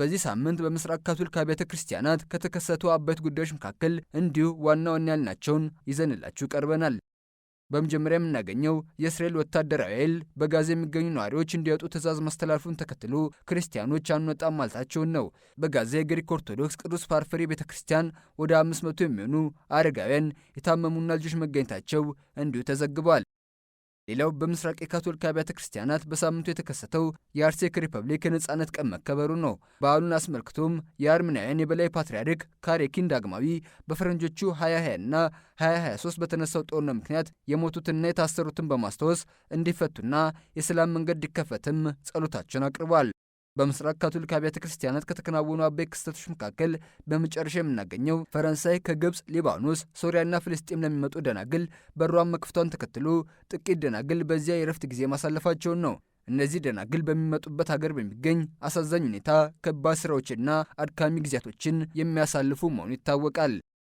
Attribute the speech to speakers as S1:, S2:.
S1: በዚህ ሳምንት በምስራቅ ካቶሊካ ቤተ ክርስቲያናት ከተከሰቱ አበይት ጉዳዮች መካከል እንዲሁ ዋና ዋና ያልናቸውን ይዘንላችሁ ቀርበናል። በመጀመሪያ የምናገኘው የእስራኤል ወታደራዊ ኃይል በጋዛ የሚገኙ ነዋሪዎች እንዲወጡ ትዕዛዝ ማስተላለፉን ተከትሎ ክርስቲያኖች አንወጣም ማለታቸውን ነው። በጋዛ የግሪክ ኦርቶዶክስ ቅዱስ ፓርፈሪ ቤተ ክርስቲያን ወደ 500 መቶ የሚሆኑ አረጋውያን የታመሙና ልጆች መገኘታቸው እንዲሁ ተዘግቧል። ሌላው በምስራቅ የካቶሊክ አብያተ ክርስቲያናት በሳምንቱ የተከሰተው የአርሴክ ሪፐብሊክ የነጻነት ቀን መከበሩ ነው። በዓሉን አስመልክቶም የአርሜናውያን የበላይ ፓትርያርክ ካሬኪን ዳግማዊ በፈረንጆቹ 2020 እና 2023 በተነሳው ጦርነት ምክንያት የሞቱትና የታሰሩትን በማስታወስ እንዲፈቱና የሰላም መንገድ እንዲከፈትም ጸሎታቸውን አቅርቧል። በምስራቅ ካቶሊክ አብያተ ክርስቲያናት ከተከናወኑ አበይ ክስተቶች መካከል በመጨረሻ የምናገኘው ፈረንሳይ ከግብፅ፣ ሊባኖስ፣ ሶሪያና ፍልስጤም ለሚመጡ ደናግል በሯን መክፈቷን ተከትሎ ጥቂት ደናግል በዚያ የረፍት ጊዜ ማሳለፋቸውን ነው። እነዚህ ደናግል በሚመጡበት ሀገር በሚገኝ አሳዛኝ ሁኔታ ከባድ ስራዎችና አድካሚ ጊዜያቶችን የሚያሳልፉ መሆኑ ይታወቃል።